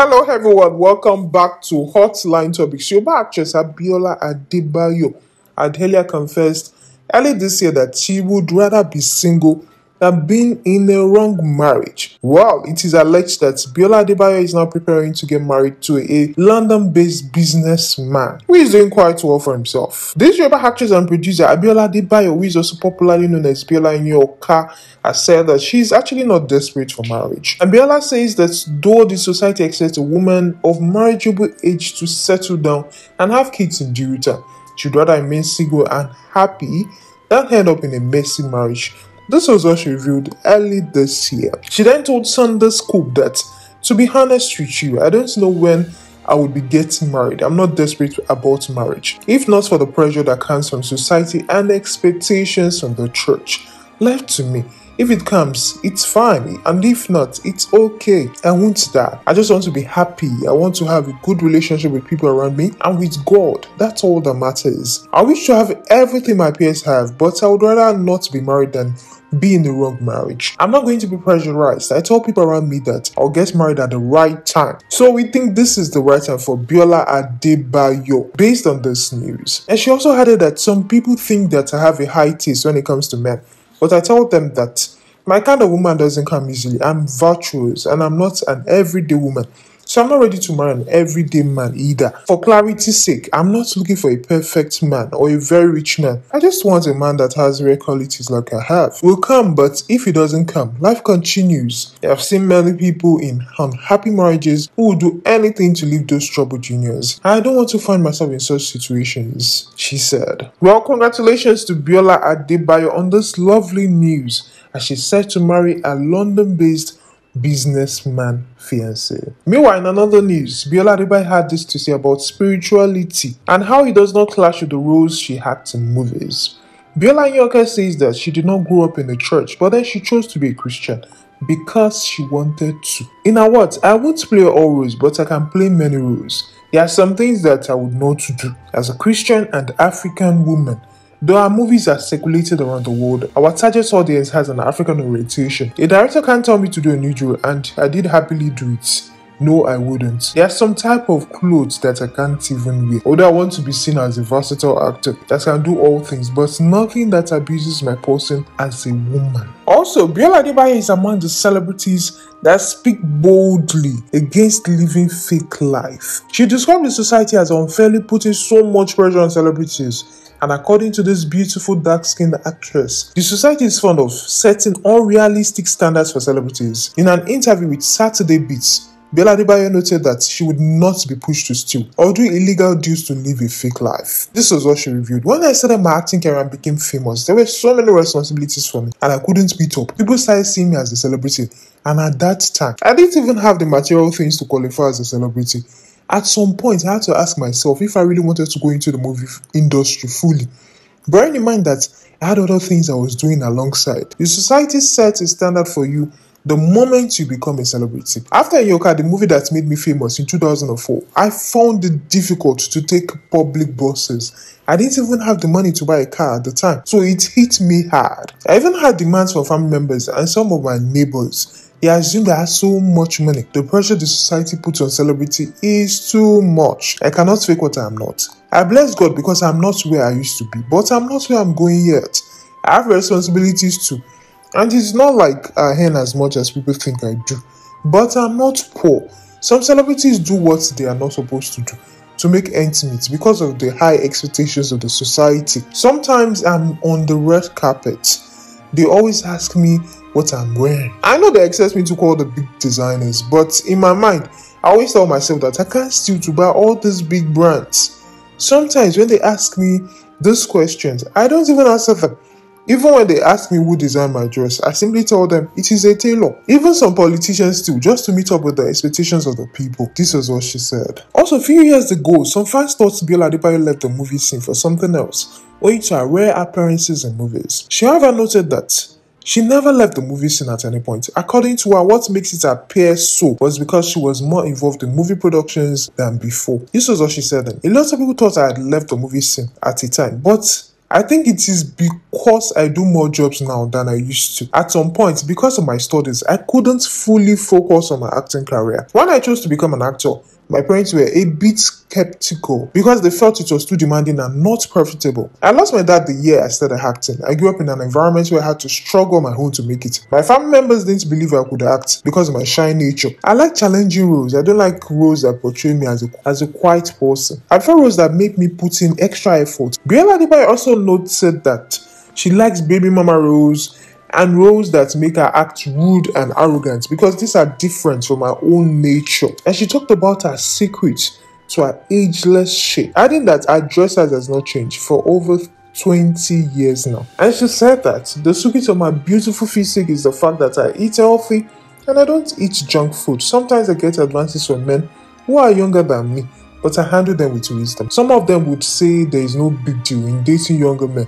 Hello, everyone. Welcome back to Hotline Topics. Yoruba actress Abiola Adebayo had earlier confessed early this year that she would rather be single than being in a wrong marriage. Well, it is alleged that Biola Adebayo is now preparing to get married to a London-based businessman who is doing quite well for himself. This Yoruba actress and producer Abiola Adebayo, who is also popularly known as Biola Inyoka, has said that she is actually not desperate for marriage. And Biola says that though the society expects a woman of marriageable age to settle down and have kids in due time, she'd rather remain single and happy than end up in a messy marriage this was what she revealed early this year. She then told Sunday scoop that, to be honest with you, I don't know when I would be getting married. I'm not desperate about marriage. If not for the pressure that comes from society and expectations from the church. Left to me, if it comes, it's fine. And if not, it's okay. I won't die. I just want to be happy. I want to have a good relationship with people around me and with God. That's all that matters. I wish to have everything my peers have, but I would rather not be married than be in the wrong marriage. I'm not going to be pressurized. I told people around me that I'll get married at the right time. So we think this is the right time for Biola Adebayo based on this news. And she also added that some people think that I have a high taste when it comes to men. But I tell them that my kind of woman doesn't come easily. I'm virtuous and I'm not an everyday woman. So I'm not ready to marry an everyday man either. For clarity's sake, I'm not looking for a perfect man or a very rich man. I just want a man that has rare qualities like I have. Will come, but if he doesn't come, life continues. I've seen many people in unhappy marriages who would do anything to leave those troubled juniors. I don't want to find myself in such situations, she said. Well, congratulations to Biola Adebayo on this lovely news as she said to marry a London based businessman fiancé. Meanwhile, in another news, Biola Ribai had this to say about spirituality and how it does not clash with the roles she had in movies. Biola Nyoka says that she did not grow up in a church, but then she chose to be a Christian because she wanted to. In a words, I won't play all roles, but I can play many roles. There are some things that I would not do as a Christian and African woman Though our movies are circulated around the world, our target audience has an African orientation. A director can not tell me to do a new drill and I did happily do it. No, I wouldn't. There are some type of clothes that I can't even wear. Although I want to be seen as a versatile actor that can do all things, but nothing that abuses my person as a woman. Also, Biola Adebayo is among the celebrities that speak boldly against living fake life. She described the society as unfairly putting so much pressure on celebrities and according to this beautiful dark skinned actress, the society is fond of setting unrealistic standards for celebrities. In an interview with Saturday Beats, Bella Adebayo noted that she would not be pushed to steal or do illegal deals to live a fake life. This was what she reviewed. When I started my acting career and became famous, there were so many responsibilities for me and I couldn't meet up. People started seeing me as a celebrity and at that time, I didn't even have the material things to qualify as a celebrity. At some point, I had to ask myself if I really wanted to go into the movie industry fully. Bearing in mind that I had other things I was doing alongside. The society set a standard for you the moment you become a celebrity. After Yoka, the movie that made me famous in 2004, I found it difficult to take public buses. I didn't even have the money to buy a car at the time, so it hit me hard. I even had demands from family members and some of my neighbors They assumed I had so much money. The pressure the society puts on celebrity is too much. I cannot fake what I am not. I bless God because I'm not where I used to be, but I'm not where I'm going yet. I have responsibilities too. And it's not like I earn as much as people think I do, but I'm not poor. Some celebrities do what they are not supposed to do to make ends meet because of the high expectations of the society. Sometimes I'm on the red carpet. They always ask me what I'm wearing. I know they expect me to call the big designers, but in my mind, I always tell myself that I can't steal to buy all these big brands. Sometimes when they ask me those questions, I don't even answer them even when they ask me who designed my dress, I simply tell them it is a tailor. Even some politicians too, just to meet up with the expectations of the people. This was what she said. Also, a few years ago, some fans thought Bill Adebayo left the movie scene for something else, owing to her rare appearances in movies. She however noted that she never left the movie scene at any point. According to her, what makes it appear so was because she was more involved in movie productions than before. This was what she said then. A lot of people thought I had left the movie scene at a time, but I think it is because I do more jobs now than I used to. At some point, because of my studies, I couldn't fully focus on my acting career. When I chose to become an actor, my parents were a bit skeptical because they felt it was too demanding and not profitable. I lost my dad the year I started acting. I grew up in an environment where I had to struggle my own to make it. My family members didn't believe I could act because of my shy nature. I like challenging roles. I don't like roles that portray me as a, as a quiet person. I prefer roles that make me put in extra effort. Briella Adibayo also noted that she likes baby mama roles and roles that make her act rude and arrogant because these are different from her own nature. And she talked about her secret to her ageless shape, adding that her dress size has not changed for over 20 years now. And she said that the secret to my beautiful physique is the fact that I eat healthy and I don't eat junk food. Sometimes I get advances from men who are younger than me, but I handle them with wisdom. Some of them would say there is no big deal in dating younger men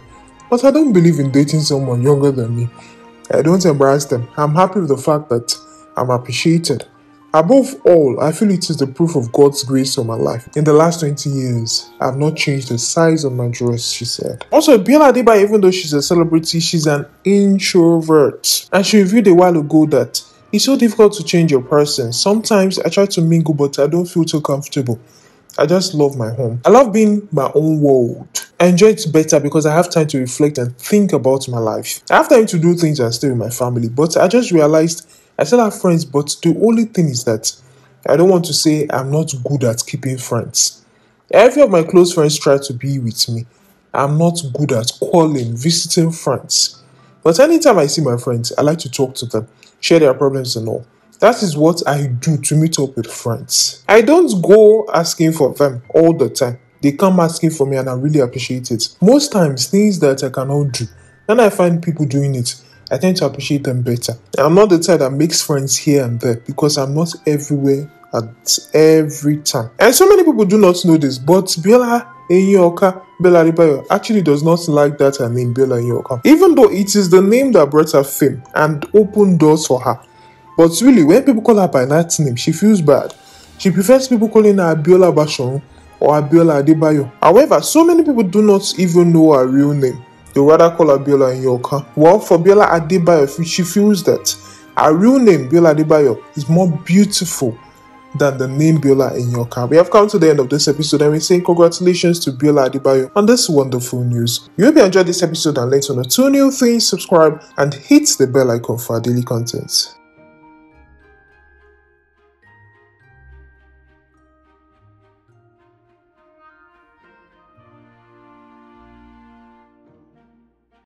but I don't believe in dating someone younger than me. I don't embarrass them. I'm happy with the fact that I'm appreciated. Above all, I feel it is the proof of God's grace on my life. In the last 20 years, I've not changed the size of my dress. she said. Also, Biela Deba, even though she's a celebrity, she's an introvert. And she revealed a while ago that it's so difficult to change your person. Sometimes I try to mingle, but I don't feel too comfortable. I just love my home. I love being my own world. I enjoy it better because I have time to reflect and think about my life. I have time to do things and stay with my family, but I just realized I still have friends, but the only thing is that I don't want to say I'm not good at keeping friends. Every of my close friends try to be with me. I'm not good at calling, visiting friends. But anytime I see my friends, I like to talk to them, share their problems and all. That is what I do to meet up with friends. I don't go asking for them all the time. They come asking for me and I really appreciate it. Most times, things that I cannot do, when I find people doing it, I tend to appreciate them better. I'm not the type that makes friends here and there because I'm not everywhere at every time. And so many people do not know this, but Bella Enyoka, Bella Ribayo actually does not like that her name, Bella Enyoka. Even though it is the name that brought her fame and opened doors for her, but really, when people call her by that name, she feels bad. She prefers people calling her Abiola Bashon or Abiola Adebayo. However, so many people do not even know her real name. They rather call her Biola Yoka. Well, for Biola Adebayo, she feels that her real name, Biola Adebayo, is more beautiful than the name Biola Yoka. We have come to the end of this episode and we're saying congratulations to Biola Adebayo on this wonderful news. You hope you enjoyed this episode and learned on two new things, subscribe and hit the bell icon for our daily content.